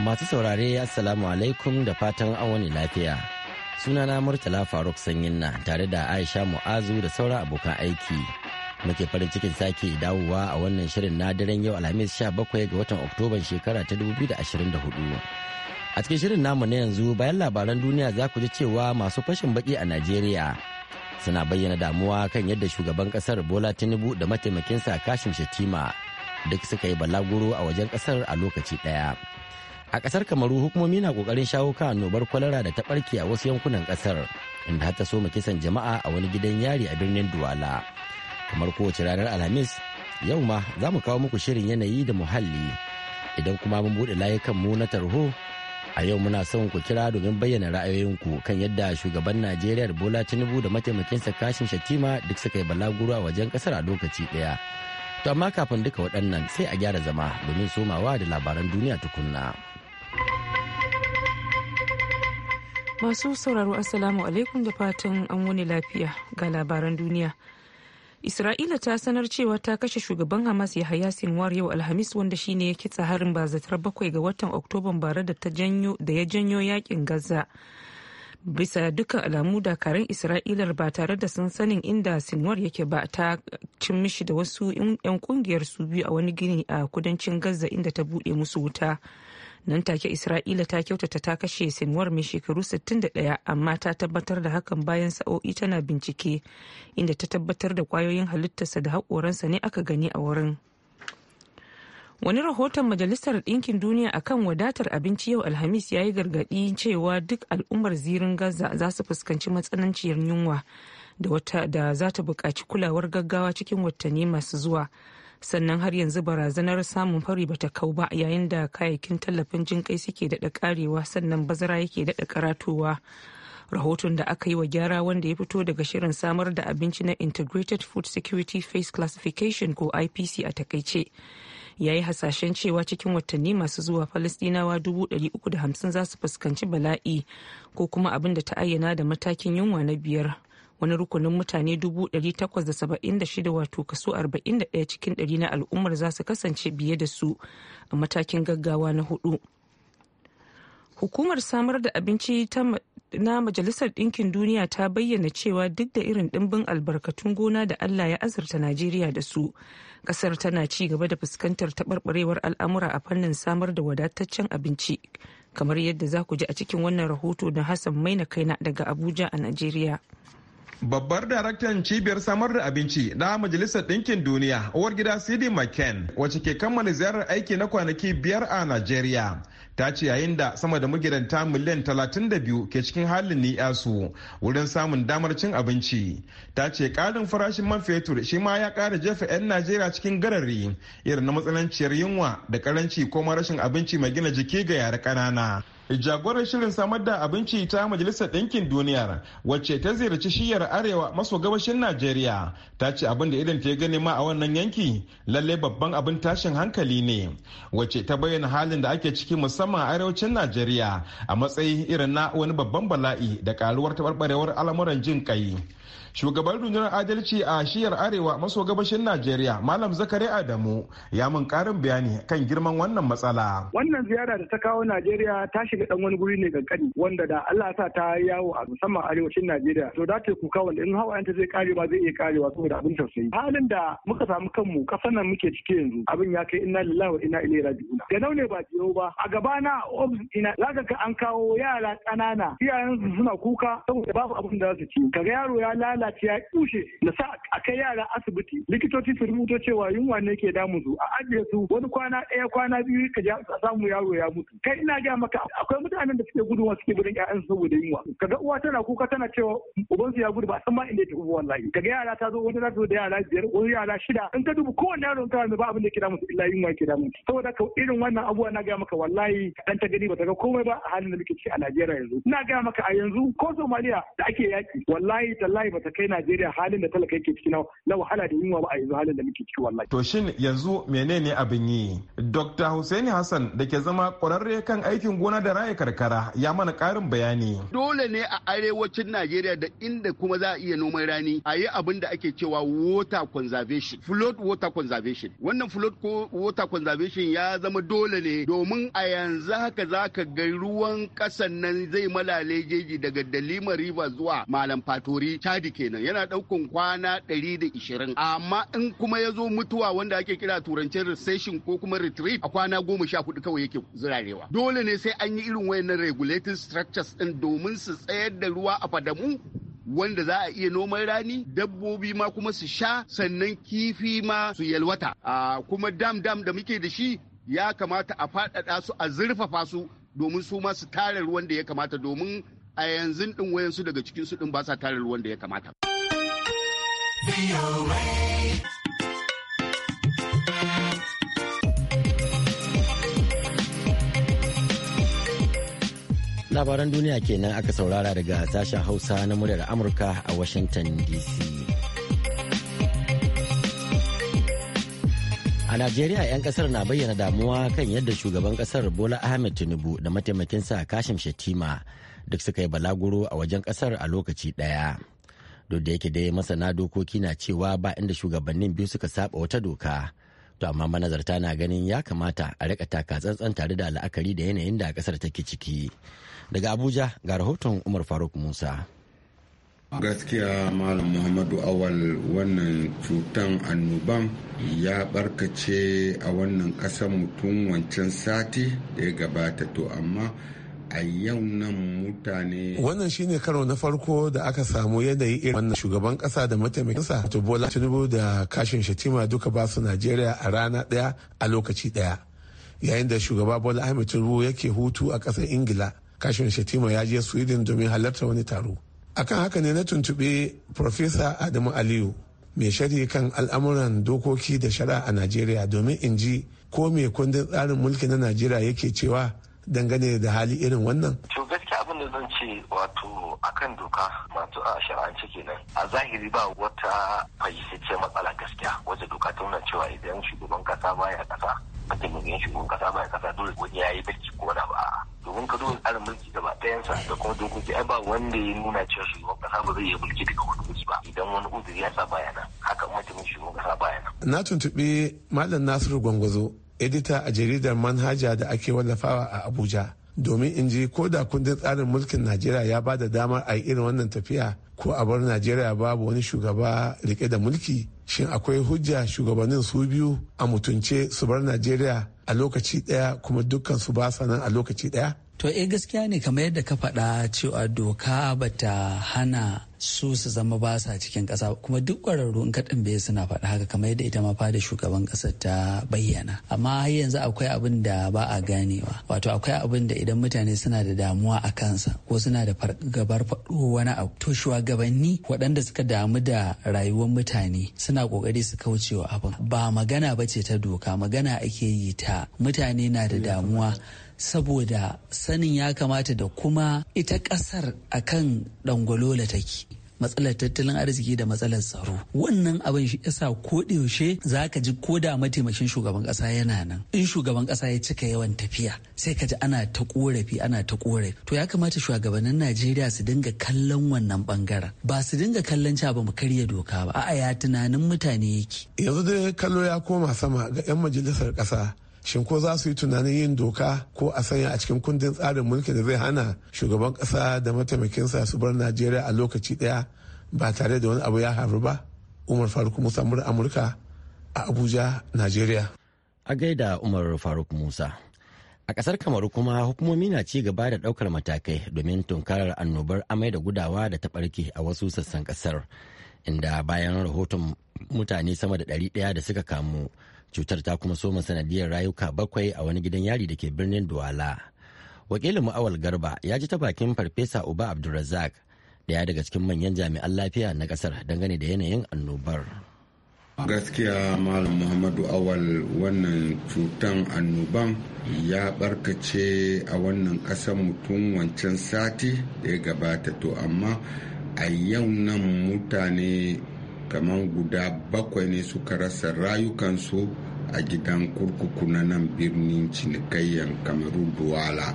Masu saurare Assalamu alaikum da fatan wani lafiya. Sunana Murtala Faruk na tare da Aisha Mu'azu da sauran abokan aiki. Muke farin cikin sake dawowa a wannan shirin na daren yau Alhamis 17 ga watan Oktoban shekara ta 2024. A cikin shirin namu na yanzu bayan labaran duniya za ku ji cewa masu fashin baki a Najeriya suna bayyana damuwa kan yadda shugaban kasar Bola Tinubu da mataimakinsa Kashim Shatima duk suka yi balaguro a wajen kasar a lokaci ɗaya. a kasar kamaru hukumomi na kokarin shawo kan annobar kwalara da ta barke a wasu yankunan kasar inda har ta soma kisan jama'a a wani gidan yari a birnin duwala kamar kowace ranar alhamis yau ma za mu kawo muku shirin yanayi da muhalli idan kuma mun buɗe layukan mu na tarho a yau muna son ku kira domin bayyana ra'ayoyinku kan yadda shugaban najeriya bola tinubu da mataimakinsa kashin shatima duk suka yi balaguro a wajen kasar a lokaci ɗaya to amma kafin duka waɗannan sai a gyara zama domin somawa da labaran duniya tukunna. Masu sauraro asalamu alaikum da fatan an wani lafiya ga labaran duniya. Isra'ila ta sanar cewa ta kashe shugaban Hamas ya Yahaya Sinwar yau Alhamis wanda shine ya kitsa harin bazatar bakwai ga watan Oktoban bara da ya janyo yakin Gaza. Bisa dukkan alamu dakarun Isra'ilar ba tare da sun sanin inda Sinwar yake ba ta cin mishi da wasu 'yan kungiyar su biyu a wani gini a kudancin Gaza inda ta buɗe musu wuta. nan take isra'ila ta kyautata ta kashe sinwar mai shekaru 61 amma ta tabbatar da hakan bayan sa'o'i tana bincike inda ta tabbatar da kwayoyin halittarsa da haƙoransa ne aka gani a wurin wani rahoton majalisar ɗinkin duniya a kan wadatar abinci yau alhamis ya yi gargaɗi cewa duk al'ummar zirin gaza za su fuskanci matsananciyar yunwa da za ta buƙaci kulawar gaggawa cikin watanni masu zuwa sannan har yanzu barazanar samun fari bata kau ba yayin da kayayyakin tallafin jin kai suke daɗa karewa sannan bazara yake daɗa karatowa rahoton da aka yi wa gyara wanda ya fito daga shirin samar da abinci na integrated food security face classification ko ipc a takaice ya yi hasashen cewa cikin watanni masu zuwa falastinawa 350 za su fuskanci bala'i ko kuma abin da ta ayyana da matakin yunwa na biyar wani rukunin mutane 876 wato kaso 41 cikin 100 na al'ummar za su kasance biye da su a matakin gaggawa na hudu hukumar samar da abinci na majalisar ɗinkin duniya ta bayyana cewa duk da irin ɗimbin albarkatun gona da allah ya azurta najeriya da su ƙasar tana ci gaba da fuskantar taɓarɓarewar al'amura a fannin samar da wadataccen abinci kamar yadda za ku ji a cikin wannan rahoto na hassan maina kaina daga abuja a najeriya Babbar daraktan cibiyar samar da abinci na Majalisar Ɗinkin Duniya, uwar gida Sidi McCain, wacce ke kammala ziyarar aiki na kwanaki biyar a Najeriya. Ta ce yayin da sama da magidanta miliyan 32 ke cikin halin su wurin samun damar cin abinci. Ta ce ƙarin farashin man fetur shi ma ya ƙara jefa 'yan Najeriya cikin garari irin na matsananciyar yunwa da karanci ko rashin abinci mai gina jiki ga yare ƙanana. jagorar shirin samar da abinci ta majalisar ɗinkin duniyar wacce ta ziyarci shiyar arewa maso gabashin najeriya ta ce abin da idan ta gani ma a wannan yanki lallai babban abin tashin hankali ne wacce ta bayyana halin da ake ciki musamman a arewacin najeriya a matsayin irin na wani babban bala'i da karuwar taɓarɓarewar al'amuran jin kai shugaban rundunar adalci a shiyar arewa maso gabashin najeriya malam zakari adamu ya mun karin bayani kan girman wannan matsala wannan ziyara da ta kawo najeriya ta shiga dan wani guri ne kankani wanda da allah sa ta yawo a musamman arewacin najeriya to za ta kuka wanda in hawa ta zai kare ba zai iya karewa saboda abin tausayi halin da muka samu kanmu kasan nan muke ciki yanzu abin ya kai inna lillahi wa inna ilaihi raji'un ga ne ba biyo ba a gaba na ofis ina zaka ka an kawo yara iyayen iyayensu suna kuka saboda babu abin da za su ci kaga yaro ya lalace lalace ya kushe na sa a kai yara asibiti likitoci su rubuto cewa yunwa ne ke damu su a ajiye su wani kwana ɗaya kwana biyu ka samu yaro ya mutu kai ina gaya maka akwai mutanen da suke gudunwa suke gudun ƴaƴansu saboda yunwa kaga uwa tana kuka tana cewa ubansu ya gudu ba san ma inda ta uwa layi kaga yara ta zo wani na zo da yara biyar wani yara shida in ka dubu kowane yaro ka ba abin da ke damu illa yunwa ke damu saboda ka irin wannan abuwa na gaya maka wallahi dan ta gani ba ta ga komai ba a halin da muke a Najeriya yanzu ina gaya maka a yanzu ko Somalia da ake yaki wallahi tallahi ba ta ta kai Najeriya halin da talaka yake ciki na wahala da yunwa ba a yanzu halin da muke ciki wallahi. To shin yanzu menene abin yi? Dr. Hussaini Hassan da ke zama kwararre kan aikin gona da raya karkara ya mana karin bayani. Dole ne a arewacin Najeriya da inda kuma za a iya noman rani a yi abin da ake cewa water conservation, flood water conservation. Wannan flood water conservation ya zama dole ne domin a yanzu haka za ka ga ruwan kasan nan zai malale jeji daga Dalima River zuwa Malam Fatori, Chadi kenan yana daukan kwana 120 amma in kuma ya zo mutuwa wanda ake kira turancin recession ko kuma retreat a kwana goma sha hudu kawai yake zirarewa dole ne sai an yi irin wayannan regulating structures din domin su tsayar da ruwa a fadamu wanda za a iya noman rani dabbobi ma kuma su sha sannan kifi ma su yalwata a kuma dam dam da muke da shi ya kamata a faɗaɗa su a zurfafa su domin su ma su tara ruwan da ya kamata domin a yanzu ɗin wayansu daga cikin su din ba sa tare ruwan da ya kamata labaran duniya kenan aka saurara daga sashen hausa na muryar amurka a washington dc a najeriya 'yan kasar na bayyana damuwa kan yadda shugaban kasar bola ahmed tinubu da mataimakinsa kashim shetima duk suka yi balaguro a wajen kasar a lokaci ɗaya duk da yake dai masana dokoki na cewa ba inda shugabannin biyu suka saba wata doka to amma manazarta na ganin ya kamata a rika taka tsantsan tare da la'akari da yanayin da kasar take ciki daga abuja ga rahoton umar faruk musa gaskiya malam muhammadu awal wannan cutan annoban ya barkace a wannan kasar mutum wancan sati da ya gabata to amma a yau nan mutane wannan shine karo na farko da aka samu yanayi irin wannan shugaban kasa da mataimakinsa to bola tinubu da kashin shatima duka ba su najeriya a rana daya a lokaci daya yayin da shugaba bola ahmed tinubu yake hutu a ƙasar ingila kashin shatima ya je sweden domin halarta wani taro akan haka ne na tuntuɓe profesa adamu aliyu mai shari kan al'amuran dokoki da shari'a a najeriya domin in ji ko mai kundin tsarin mulki na najeriya yake cewa dangane da hali irin wannan? To gaskiya abin da zan ce wato akan doka masu a shari'ance kenan a zahiri ba wata fayyacce matsala gaskiya wajen doka ta nuna cewa idan shugaban kasa baya kasa mataimakin shugaban kasa baya kasa dole wani ya yi bacci ko wani ba domin ka dole tsarin mulki gaba ɗayansa da kuma dokoki ai ba wanda ya nuna cewa shugaban kasa ba zai yi mulki daga wani mulki ba idan wani uzuri ya sa baya nan haka mutumin shugaban kasa baya nan. Na tuntuɓi Malam Nasiru Gwangwazo edita a jaridar manhaja da ake wallafawa a abuja domin in ji ko da kundin tsarin mulkin najeriya ya ba da damar a yi irin wannan tafiya ko a bar najeriya babu wani shugaba rike da mulki shin akwai hujja shugabannin su biyu a mutunce su bar najeriya a lokaci daya kuma dukkan su ba nan a lokaci daya to eh gaskiya ne kamar yadda ka faɗa cewa doka bata hana su su zama ba sa cikin ƙasa kuma duk ƙwararru in ka bai suna faɗa haka kamar yadda ita ma fada shugaban ƙasa ta bayyana amma har yanzu akwai abin da ba a ganewa wato akwai abin da idan mutane suna da damuwa a kansa ko suna da gabar faɗo wani abu to shugabanni waɗanda suka damu da rayuwar mutane suna ƙoƙari su kaucewa abin ba magana ba ce ta doka magana ake yi ta mutane na da damuwa saboda sanin ya kamata da kuma ita ƙasar akan dangwalola take matsalar tattalin arziki da matsalar tsaro wannan abin shi yasa ko yaushe za ka ji ko da mataimakin shugaban kasa yana nan in shugaban kasa ya cika yawan tafiya sai ka ji ana ta korafi ana ta korafi to ya kamata shugabannin najeriya su dinga kallon wannan bangaren ba su dinga kallon ca ba mu karya doka ba a'a ya tunanin mutane yake yanzu dai kallo ya koma sama ga yan majalisar kasa shin ko za su yi tunanin yin doka ko a sanya a cikin kundin tsarin mulki da zai hana shugaban kasa da mataimakinsa su bar najeriya a lokaci daya ba tare da wani abu ya haru ba umar faruk musa mura amurka a abuja najeriya a gaida umar faruk musa a kasar kamaru kuma hukumomi na ci gaba da daukar matakai domin tunkarar annobar amai da gudawa da ta a wasu sassan kasar inda bayan rahoton mutane sama da 100 da suka kamu cutar ta kuma soma sanadiyar rayuka bakwai a wani gidan yari da ke birnin duwala wakilin mu'awal garba ya ji ta bakin farfesa uba abdulrazak daya daga cikin manyan jami'an lafiya na kasar dangane da yanayin annobar gaskiya malam muhammadu awal wannan cutan annoban ya barkace a wannan kasar mutum wancan sati da ya gabata to amma a yau nan mutane kamar guda bakwai ne suka rasa rayukansu a gidan kurkuku na nan birnin cinikayyan kamaru duwala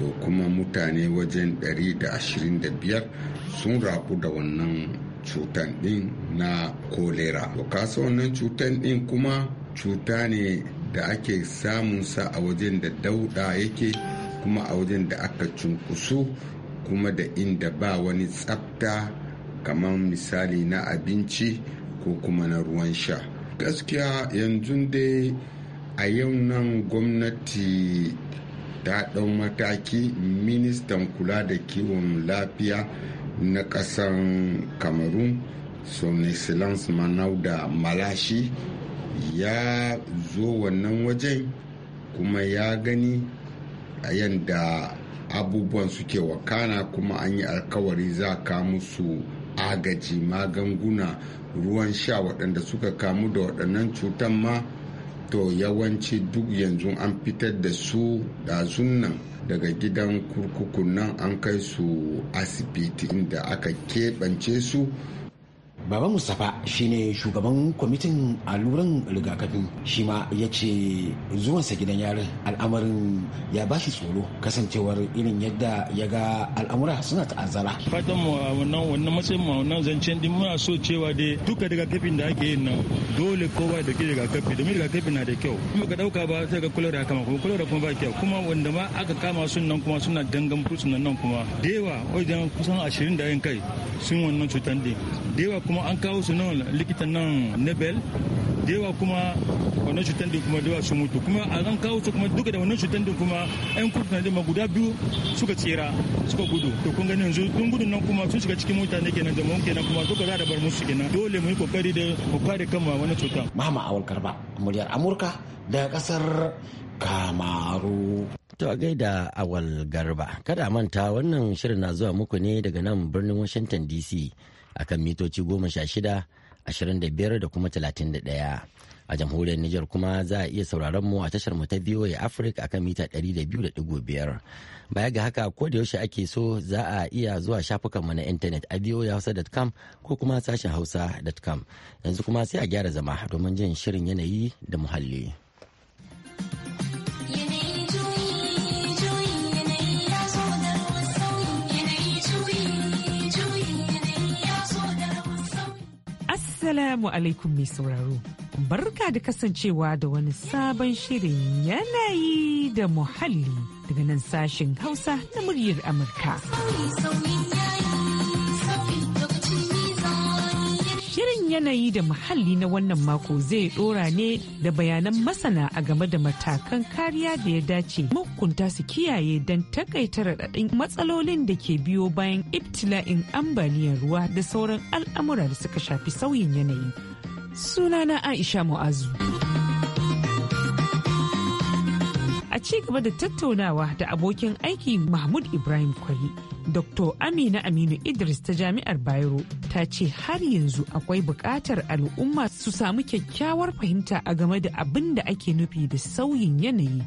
to kuma mutane wajen 125 sun raku da wannan cutan din na kolera to kasa wannan cutan din kuma cuta ne da ake samunsa a wajen da dauda yake kuma a wajen da aka cunkusu kuma da inda ba wani tsafta kamar misali na abinci ko kuma na ruwan sha gaskiya yanzu dai a yau nan gwamnati ta ɗau mataki ministan kula da kiwon lafiya na ƙasar cameroon son excellence da malashi ya zo wannan wajen kuma ya gani a yadda abubuwan suke wakana kuma an yi alkawari za ka musu agaji magunguna ruwan sha waɗanda suka kamu da waɗannan cutan ma to yawanci duk yanzu an fitar da su ɗazun nan daga gidan kurkukun nan an kai su asibiti inda aka keɓance su Baba Mustapha shine shugaban kwamitin alluran rigakafi shi ma ya ce zuwansa gidan yarin al'amarin ya bashi tsoro kasancewar irin yadda ya ga al'amura suna ta'azzara. Fatan mu a wannan wannan matsayin mu wannan zancen din muna so cewa dai duka rigakafin da ake yin nan dole kowa da ke rigakafi domin rigakafi na da kyau. Kuma ka dauka ba sai ga da kama kuma da kuma ba kyau kuma wanda ma aka kama sun nan kuma suna dangan fursunan nan kuma da yawa wajen kusan ashirin da yin kai sun wannan cutan din. Da yawa kuma an kawo su nan likitan nan nebel da yawa kuma wannan cutar din kuma da yawa su mutu kuma a ran kawo su kuma duka da wannan cutar din kuma yan kurkuna da guda biyu suka tsira suka gudu to kun gani yanzu tun gudun nan kuma sun shiga cikin mutane kenan da mun kenan kuma duka za da bar musu kenan dole mu yi kokari da mu kare kanmu wannan cutar mama awal karba muryar amurka daga kasar kamaru To a gaida awal garba, kada manta wannan shirin na zuwa muku ne daga nan birnin Washington DC akan mitoci goma sha shida ashirin da biyar da kuma talatin da ɗaya a jamhuriyar Nijar kuma za a iya sauraron mu a tashar mu ta VOA Africa akan mita 200.5 baya ga haka ko da yaushe ake so za a iya zuwa shafukan mu na intanet a voahausa.com ko kuma sashen hausa.com yanzu kuma sai a gyara zama domin jin shirin yanayi da muhalli. Assalamu alaikum mai sauraro. Barka da kasancewa da wani sabon shirin yanayi da muhalli daga nan sashen Hausa na muryar Amurka. Sauyi, yayi yanayi da muhalli na wannan mako zai dora ne da bayanan masana a game da matakan kariya da ya dace mukunta su kiyaye don takaita raɗaɗin matsalolin da ke biyo bayan ibtila'in ambaliyar ruwa da sauran al'amura da suka shafi sauyin yanayi. Sunana Aisha Mu'azu. ci gaba da tattaunawa da abokin aiki Mahmud Ibrahim Kwari, Dr. Amina Aminu Idris ta Jami'ar Bayero ta ce har yanzu akwai buƙatar al'umma su samu kyakkyawar fahimta a game da abin da ake nufi da sauyin yanayi.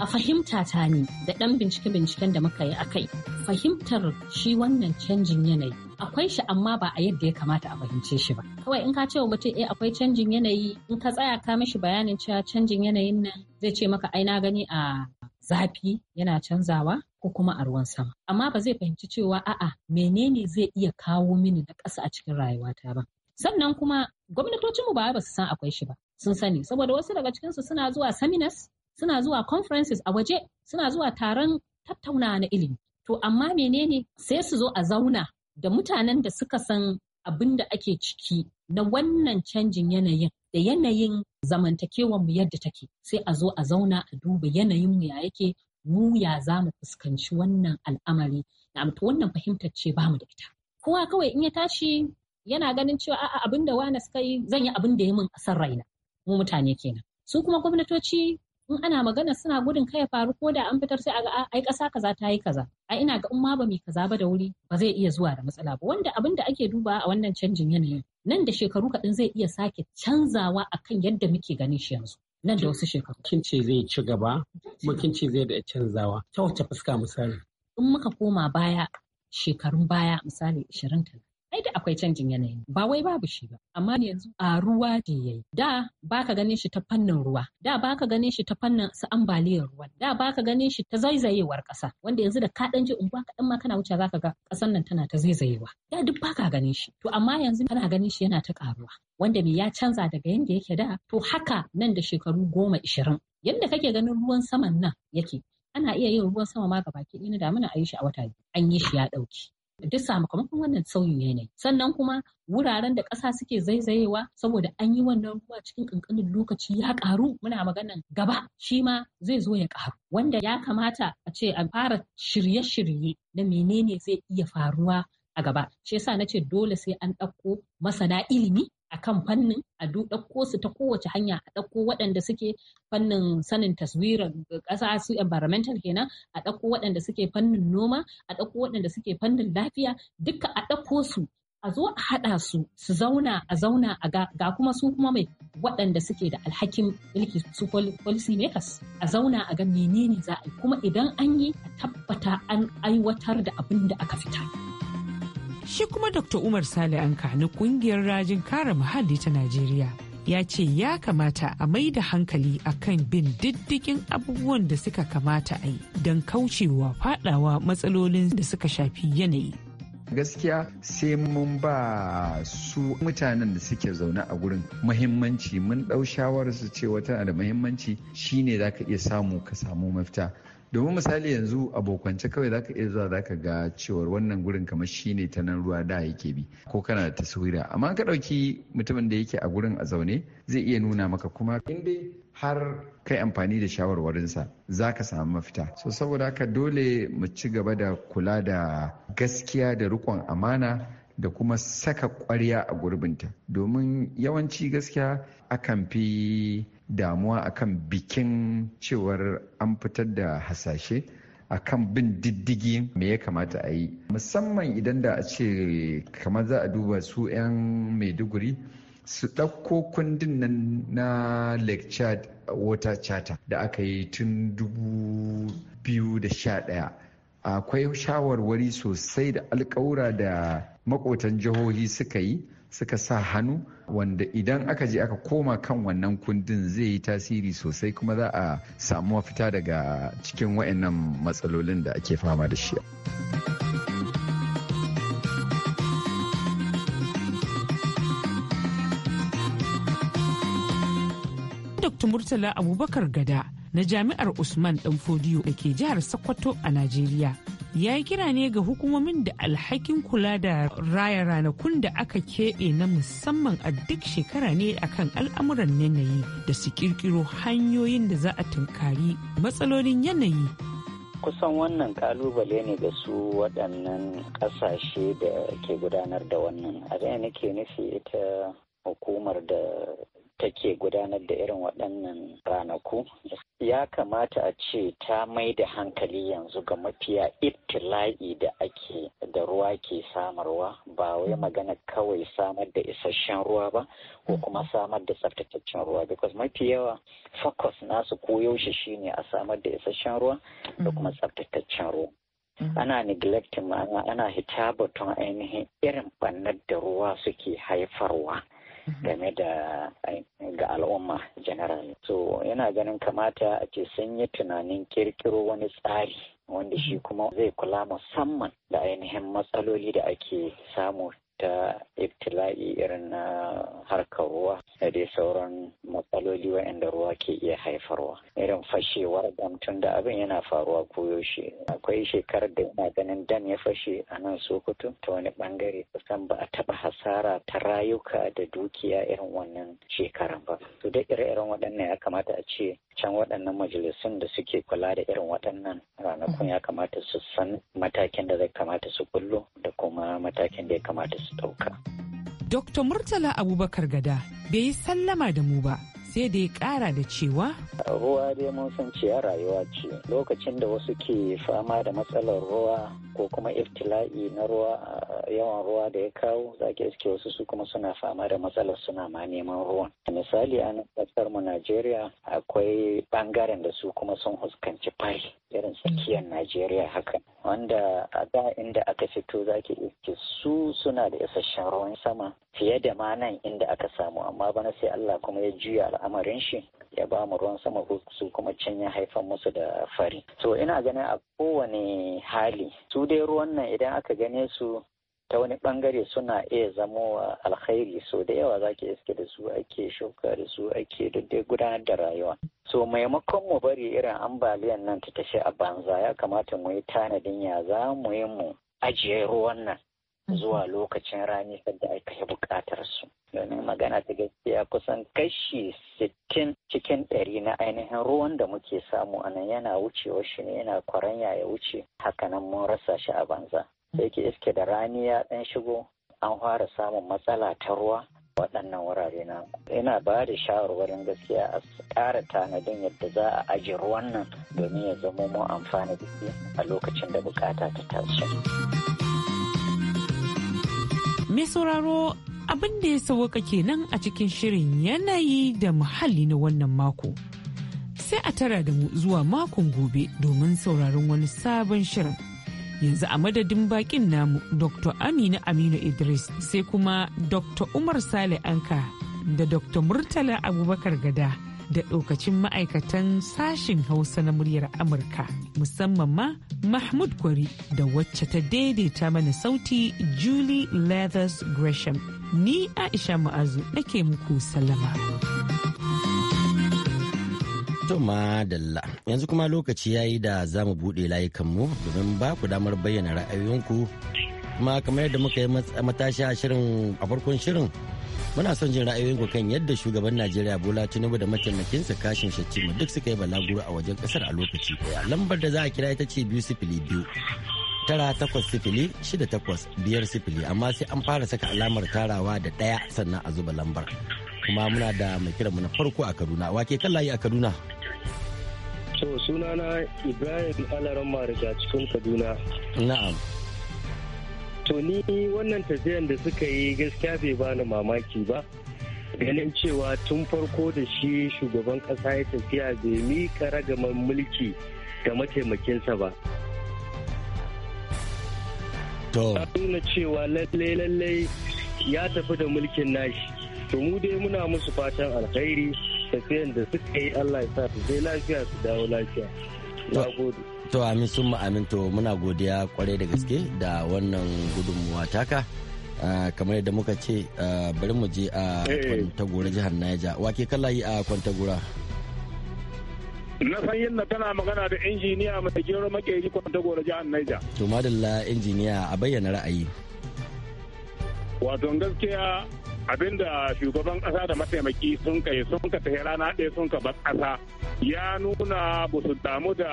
a fahimta ta ne da ɗan bincike-binciken da muka yi a kai fahimtar shi wannan canjin yanayi akwai shi amma ba a yadda ya kamata a fahimce shi ba kawai in ka ce wa mutum eh akwai canjin yanayi in ka tsaya ka mishi bayanin cewa canjin yanayin nan zai ce maka ai na gani a zafi yana canzawa ko kuma a ruwan sama amma ba zai fahimci cewa a'a menene zai iya kawo mini na ƙasa a cikin rayuwata ba sannan kuma gwamnatocinmu ba ba su san akwai shi ba sun sani saboda wasu daga cikinsu suna zuwa seminars suna zuwa conferences a waje suna zuwa taron tattaunawa na ilimi to amma menene sai su zo a zauna da mutanen da suka san abin da ake ciki na wannan canjin yanayin da yanayin zamantakewar mu yadda take sai a zo a zauna a duba yanayin mu ya yake mu ya za mu fuskanci wannan al'amari na amta wannan fahimtar ce ba mu da ita kowa kawai in ya tashi yana ganin cewa a'a abin da wani suka yi zan yi abin da ya min a raina mu mutane kenan su kuma gwamnatoci in ana magana suna gudun kai faru ko da an fitar sai a ga ai ƙasa kaza ta yi kaza a ina ga in ma ba mai kaza ba da wuri ba zai iya zuwa da matsala ba wanda abin da ake duba a wannan canjin yanayin nan da shekaru kaɗan zai iya sake canzawa akan yadda muke ganin shi yanzu nan da wasu shekaru. Kin ce zai ci gaba, kuma kin ce zai da canzawa. Ta wace fuska misali? In muka koma baya shekarun baya misali 20 tana. ai da akwai canjin yanayi ba wai babu shi ba amma yanzu a ruwa da yayi da baka ganin shi ta fannin ruwa da baka ganin shi ta fannin su ambaliyar ruwa da baka ganin shi ta zaizayewar ƙasa wanda yanzu da ka dan je unguwa kaɗan ma kana wuce zaka ga ƙasar nan tana ta zaizayewa da duk baka ganin shi to amma yanzu kana ganin shi yana ta karuwa wanda me ya canza daga yanda yake da to haka nan da shekaru goma ishirin yadda kake ganin ruwan saman nan yake ana iya yin ruwan sama ma ga baki na damuna a yi shi a wata biyu an yi shi ya ɗauki duk sakamakon wannan sauyin yanayi sannan kuma wuraren da ƙasa suke zaizayewa saboda an yi wannan ruwa cikin ƙanƙanin lokaci ya ƙaru muna maganan gaba shi ma zai zo ya ƙaru wanda ya kamata a ce a fara shirye-shirye na menene zai iya faruwa a gaba shi yasa na ce dole sai an ɗauko masana ilimi a kan fannin a ɗauko su ta kowace hanya a ɗauko waɗanda suke fannin sanin taswirar ƙasa su environmental kenan a ɗauko waɗanda suke fannin noma a ɗauko waɗanda suke fannin lafiya duka a ɗauko su a zo a haɗa su su zauna a zauna a ga kuma su kuma mai waɗanda suke da alhakin mulki su policy makers a zauna a ga menene za a yi kuma idan an yi a tabbata an aiwatar da abin da aka fita. Shi kuma Dr. Umar Sale Anka na kungiyar rajin kare muhalli ta Najeriya ya ce ya kamata a mai da hankali a kan bin diddigin abubuwan da suka kamata a yi don kaucewa fadawa matsalolin da suka shafi yanayi. gaskiya sai mun ba su mutanen da suke zaune a gurin muhimmanci mun ɗau shawararsu cewa ce da muhimmanci shine za ka iya samu ka samu mafita domin misali yanzu abokance bokwance kawai zaka iya zuwa zaka ga cewar wannan gurin kamar shine ta nan ruwa da yake bi ko kana da taswira amma ka ɗauki mutumin da yake a gurin a zaune zai iya nuna maka kuma in dai har kai amfani da shawarwarinsa za ka samu mafita so saboda haka dole mu ci gaba da kula da gaskiya da riƙon amana da kuma saka kwarya a gurbinta domin yawanci gaskiya akan fi damuwa akan bikin cewar an fitar da hasashe akan bin diddigi me ya kamata a yi musamman idan da a ce kamar za a duba su 'yan maiduguri su ɗauko kundin nan na lake chad water charter da aka yi tun 2011 akwai shawarwari sosai da alkawura da makotan jihohi suka yi suka sa hannu wanda idan aka je aka koma kan wannan kundin zai yi tasiri sosai kuma za a samu mafita daga cikin wa'annan matsalolin da ake fama da shi. Dr. Murtala Abubakar Gada na Jami'ar Usman Danfodiyo da ke jihar Sokoto a Najeriya ya yi kira ne ga hukumomin da alhakin kula da raya ranakun da aka keɓe na musamman a duk shekara ne akan al'amuran yanayi da su ƙirƙiro hanyoyin da za a tunkari matsalolin yanayi kusan wannan kalubale ne ga su waɗannan ƙasashe da ke gudanar da wannan a nake nufi ita hukumar da take gudanar da irin waɗannan ranaku ya kamata a ce ta mai da hankali yanzu ga mafiya ibtila'i da ake da ruwa ke samarwa ba wai mm. magana kawai samar da isasshen ruwa ba ko mm. kuma samar da tsaftataccen ruwa because mafi yawa focus nasu ko yaushe shine a samar da isasshen ruwa da kuma mm. tsaftataccen ruwa ana neglecting ma'ana ana hita batun ainihin irin bannar da ruwa suke haifarwa game da ga al'umma general so yana ganin kamata a ce sun yi tunanin kirkiro wani tsari wanda shi mhm. kuma zai kula musamman da ainihin matsaloli da ake samu ta iftila'i irin na harkar ruwa da dai sauran matsaloli waɗanda ruwa ke iya haifarwa irin fashewar tun da abin yana faruwa koyaushe akwai shekarar da ina ganin dam ya fashe a nan sokoto ta wani bangare kusan ba a taɓa hasara ta rayuka da dukiya irin wannan shekaran ba to da ire-iren waɗannan ya kamata a ce can waɗannan majalisun da suke kula da irin waɗannan ranakun mhm. ya kamata su san matakin da zai kamata su kullo da kuma matakin da ya kamata su su ɗauka. Dr. Murtala Abubakar Gada bai yi sallama da mu ba sai da ya ƙara da cewa. Ruwa dai mun san ciya rayuwa ce lokacin da wasu ke fama da matsalar ruwa ko kuma iftila'i na ruwa a yawan ruwa da ya kawo za ki iske wasu su kuma suna fama da matsalar suna ma neman ruwan misali a nan mu najeriya akwai ɓangaren da su kuma sun huskanci fari irin tsakiyar najeriya haka wanda a da inda aka fito za ki iske su suna da isasshen ruwan sama fiye da ma nan inda aka samu amma bana sai allah kuma ya juya al'amarin shi ya ba mu ruwan sama su kuma can ya haifar musu da fari To ina ganin a kowane hali su dai ruwan nan idan aka gane su ta wani bangare suna iya zamo alkhairi so da yawa za zaki iske da su ake shuka da su ake dai gudanar da rayuwa so maimakon mu bari irin ambaliyan nan ta tashi a banza ya kamata mu yi tanadin ya za mu yi mu ajiye ruwan nan zuwa lokacin rani sadda aka yi buƙatar su domin magana ta gaskiya kusan kashi sittin cikin ɗari na ainihin ruwan da muke samu a nan yana wucewa shi ne yana kwaranya ya wuce hakanan mun rasa shi a banza da yake iske da rani ya ɗan shigo an fara samun matsala ta ruwa waɗannan wurare na ina ba da shawarwarin gaskiya a ƙara tanadin yadda za a ajiye ruwan nan domin ya zama mu amfani da shi a lokacin da bukata ta taso. me sauraro abin da ya sauka kenan a cikin shirin yanayi da muhalli na wannan mako. Sai a tara da mu zuwa makon gobe domin sauraron wani sabon shirin. yanzu a madadin bakin namu dr amina aminu idris sai kuma dr umar sale anka da dr murtala abubakar gada da ɗaukacin ma'aikatan sashin hausa na muryar amurka musamman ma mahmud kwari da wacce ta daidaita mana sauti julie leathers gresham ni aisha ma'azu nake muku salama. To madalla yanzu kuma lokaci yayi da zamu mu buɗe layukanmu domin ba ku damar bayyana ra'ayoyinku kuma kamar yadda muka yi matashi a shirin a farkon shirin muna son jin ra'ayoyinku kan yadda shugaban Najeriya Bola Tinubu da mataimakinsa kashin Shattima duk suka yi balaguro a wajen kasar a lokaci daya lambar da za a kira ita ce biyu sifili biyu tara takwas sifili shida takwas biyar sifili amma sai an fara saka alamar tarawa da ɗaya sannan a zuba lambar kuma muna da mai kiranmu na farko a Kaduna wake kan layi a Kaduna. To sunana Ibrahim Alaran Marija cikin Kaduna. Na'am. To ni wannan tafiyan da suka yi gaskiya bai bani mamaki ba. Ganin cewa tun farko da shi shugaban ƙasa ya tafiya bai mika ragaman mulki da mataimakinsa ba. To. nuna cewa lallai-lallai ya tafi da mulkin nashi. To mu dai muna musu fatan alkhairi. tafiyan da suka yi Allah ya sa su lafiya su dawo lafiya na gode to amin sun amin to muna godiya kwarai da gaske da wannan gudunmuwa taka ah, kamar yadda muka ce ah, bari mu je a eh, eh. kwantagora jihar Niger wake yi a kwantagora na san yadda tana magana da injiniya mai gero makeri kwantagora jihar Niger to madalla injiniya a bayyana ra'ayi wato gaskiya abinda shugaban kasa da mataimaki sun kai sun ka tafi rana ɗaya sun ka bar kasa ya nuna ba su damu da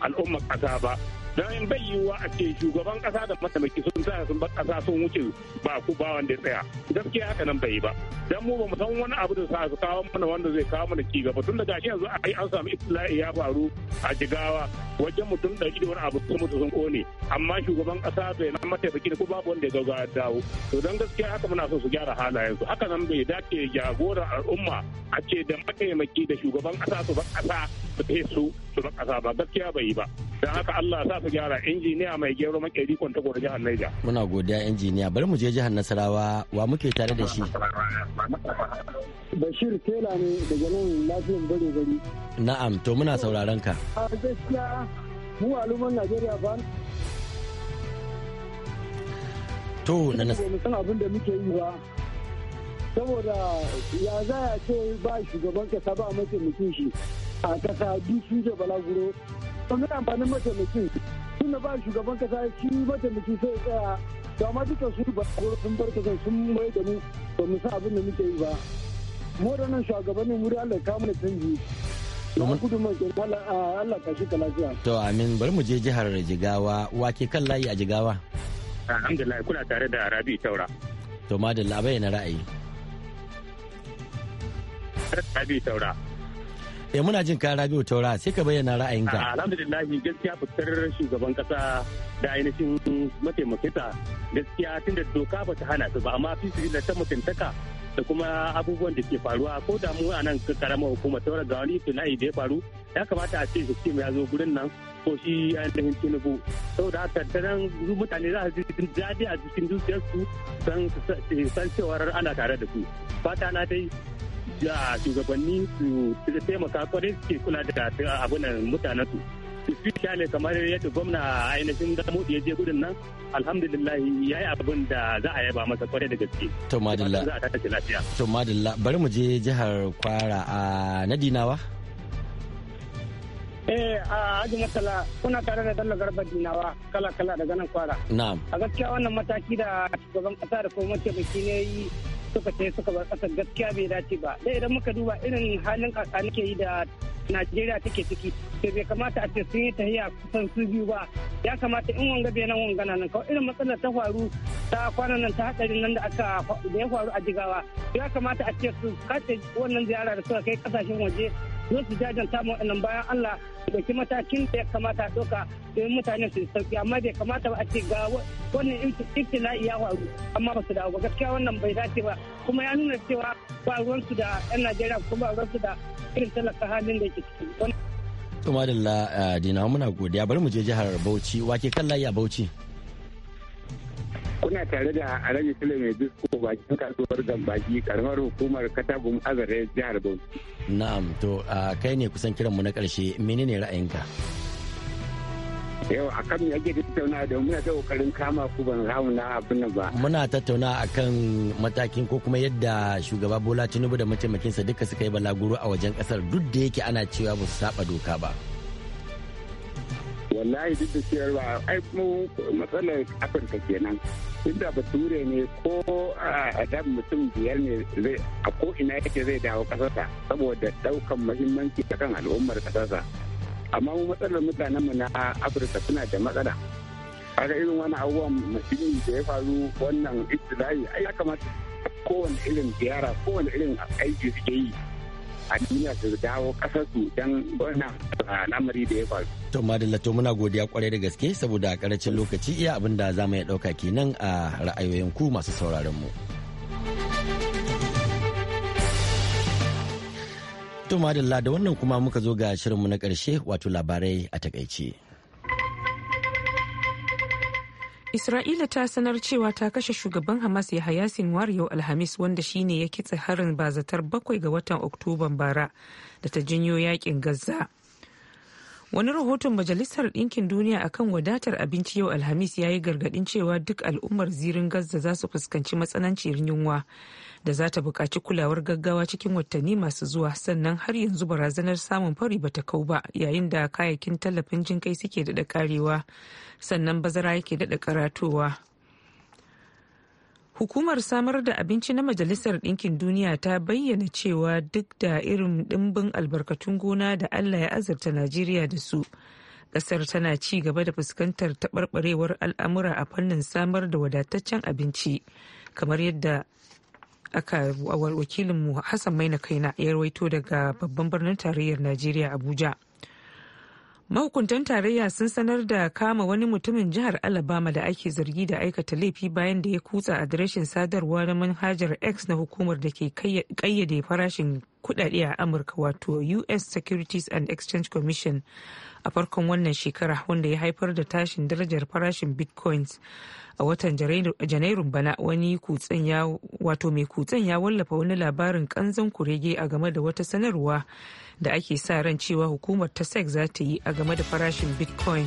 al'ummar kasa ba don bai yiwuwa a ce shugaban kasa da mataimaki sun sa sun bar kasa sun wuce ba ku ba wanda ya tsaya gaskiya haka nan bai yi ba dan mu ba mu san wani abu da sa su kawo mana wanda zai kawo mana ci gaba tun gashi yanzu a yi an samu islahi ya faru a jigawa wajen mutum ɗari da wani abu sun mutu sun kone amma shugaban kasa bai nan mataimaki ko babu wanda ya gaza dawo to dan gaskiya haka muna so su gyara halayen su haka nan bai dace jagorar al'umma a ce da mataimaki da shugaban kasa su bar kasa su su su bar kasa ba gaskiya bai yi ba don haka Allah sa su gyara injiniya mai gero makeri kwanta gore jihar Niger muna godiya injiniya bari mu je jihar Nasarawa wa muke tare da shi Bashir Tela ne daga nan lafiyan bare gari na'am to muna sauraron ka a gaskiya mu al'umman Najeriya ba to na san abin da muke yi ba saboda ya za ya ce ba shugaban kasa ba mace mataimakin shi a kasa duk sun je balaguro to me amfanin mataimakin suna ba shugaban kasa shi mataimaki sai tsaya da ma duka su ba sun bar kasan sun mai da mu ba mu sa abin da muke yi ba mu da nan shugabannin wuri Allah ya kawo canji domin mai ke Allah ka shi lafiya. To amin bari mu je jihar Jigawa wake kan layi a Jigawa. Alhamdulillah kuna tare da Rabi Taura. To madalla bayyana ra'ayi. Rabi Taura. eh muna jin ka Rabiu Taura sai ka bayyana ra'ayin ka. Ah, alhamdulillahi gaskiya fitar shugaban kasa da ainihin mataimakinsa gaskiya tunda doka ba ta hana su ba amma fi su ta mutuntaka da kuma abubuwan da ke faruwa ko da mu a nan karamar hukumar taura ga wani tunai da ya faru ya kamata a ce hukum ya zo gurin nan ko shi ainihin tinubu saboda haka ta mutane za su ji daɗi a cikin zuciyarsu san cewar ana tare da su fata na dai shugabanni su taimaka kwarai suke kula da abunan mutanen su especially kamar yadda gwamna ainihin damu ya je gudun nan alhamdulillah ya yi abin da za a yaba masa kwarai da gaske to madalla to madalla bari mu je jihar kwara a nadinawa Eh a Haji matsala kuna tare da dalla Garba Dinawa kala kala daga nan kwara. Na'am. A gaskiya wannan mataki da shugaban kasa da kuma mataimaki ne yi suka ce suka bar ƙasar gaskiya bai dace ba da idan muka duba irin halin kasa nake yi da najeriya take ciki to bai kamata a ce sun yi tahiya kusan su biyu ba ya kamata in wanga bai nan wanga nan kawai irin matsalar ta faru ta kwanan nan ta hadarin nan da aka da ya faru a jigawa ya kamata a ce su kace wannan ziyara da suka kai kasashen waje don su jajanta mu waɗannan bayan Allah su ɗauki matakin da ya kamata doka domin mutane su sauki amma bai kamata ba a ce ga wani ibtila'i ya faru amma ba su dawo gaskiya wannan bai dace ba kuma ya nuna cewa ba su da 'yan Najeriya kuma ba su da irin talaka halin da ke ciki. Tumadilla eh, Dina muna godiya bari mu je jihar Bauchi wake kan layi a Bauchi. kuna tare da alhaji sule mai disko bakin kasuwar gambaki karamar hukumar katagun azare jihar bauchi na'am to kai ne kusan kiranmu na karshe menene ra'ayinka yau a kan yake tattauna da muna ta kokarin kama ku ban samu na abin nan ba muna tattauna akan matakin ko kuma yadda shugaba bola tinubu da sa duka suka yi balaguro a wajen kasar duk da yake ana cewa ba su saba doka ba wallahi duk da cewa ai mu matsalar afirka kenan inda bature ne ko a dan mutum biyar ne a ko ina yake zai dawo kasarsa saboda daukan a kan al'ummar kasarsa amma mu matsalar mutanen mu na afirka suna da matsala kaga irin wani abubuwan mutum da ya faru wannan ibtila'i ai ya kamata kowane irin ziyara kowane irin aiki suke yi a duniya su dawo kasar su dan wannan lamari da ya faru. To Madalla to muna godiya kwarai da gaske saboda karancin lokaci iya abin da za mu iya ɗauka kenan a ra'ayoyin ku masu sauraron mu. To Madalla da wannan kuma muka zo ga shirinmu na ƙarshe wato labarai a takaice. Isra'ila ta sanar cewa ta kashe shugaban Hamas Yahaya Sinwar yau Alhamis wanda shine ya kitse harin bazatar bakwai ga watan Oktoban bara da ta jinyo yakin Gaza. Wani rahoton Majalisar Ɗinkin Duniya akan wadatar abinci yau Alhamis ya yi gargaɗin cewa duk al'ummar zirin Gaza za su fuskanci matsananciyar yunwa da za ta buƙaci kulawar gaggawa cikin watanni masu zuwa sannan har yanzu barazanar samun fari ba ta kau ba yayin da kayayyakin tallafin jin kai suke daɗa karewa sannan bazara yake daɗa karatowa Hukumar samar da abinci na Majalisar Ɗinkin Duniya ta bayyana cewa duk da irin ɗimbin albarkatun gona da Allah ya azurta Najeriya da su, ƙasar tana ci gaba da fuskantar taɓarɓarewar al'amura a fannin samar da wadataccen abinci, kamar yadda aka wakilinmu hassan maina kaina ya rawaito daga babban birnin tarayyar najeriya abuja mahukuntan tarayya sun sanar da kama wani mutumin jihar alabama da ake zargi da aikata laifi bayan da ya kutsa adireshin sadarwa na manhajar x na hukumar da ke kayyade farashin kudade a amurka wato us securities and exchange commission a farkon wannan shekara wanda ya haifar da tashin darajar farashin bitcoins a watan janairun bana wani kutsen ya wato mai kutsen ya wallafa wani labarin kanzon kurege a game da wata sanarwa da ake sa ran cewa hukumar ta sec za ta yi a game da farashin bitcoin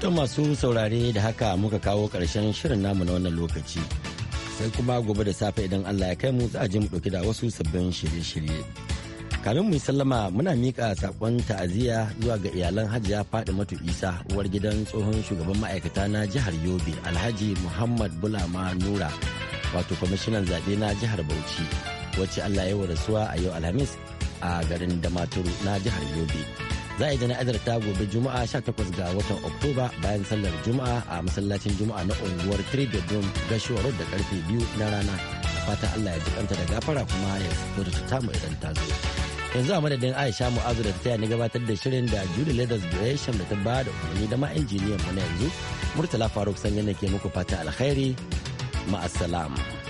ta masu saurare da haka muka kawo karshen shirin namu na wannan lokaci sai kuma gobe da safe idan allah ya kai mu za a ji mu dauki da wasu sabbin shirye-shirye kamin mu yi sallama muna mika sakon ta'aziyya zuwa ga iyalan hajiya matu isa uwar gidan tsohon shugaban ma'aikata na jihar yobe alhaji muhammad bulama nura wato kwamishinan zaɓe na jihar bauchi wacce allah ya rasuwa a yau alhamis a garin damaturu na jihar yobe za a yi jana'izar ta gobe juma'a sha takwas ga watan oktoba bayan sallar juma'a a masallacin juma'a na unguwar tridodom gashuwar da karfe biyu na rana fata allah ya ji ɗanta da gafara kuma ya fito ta mu idan ta zo yanzu a madadin aisha mu'azu da ta taya ni gabatar da shirin da julie leathers gresham da ta ba da umarni da ma injiniyan mu na yanzu murtala faruk sanya ne ke muku fata alkhairi ma'asalam.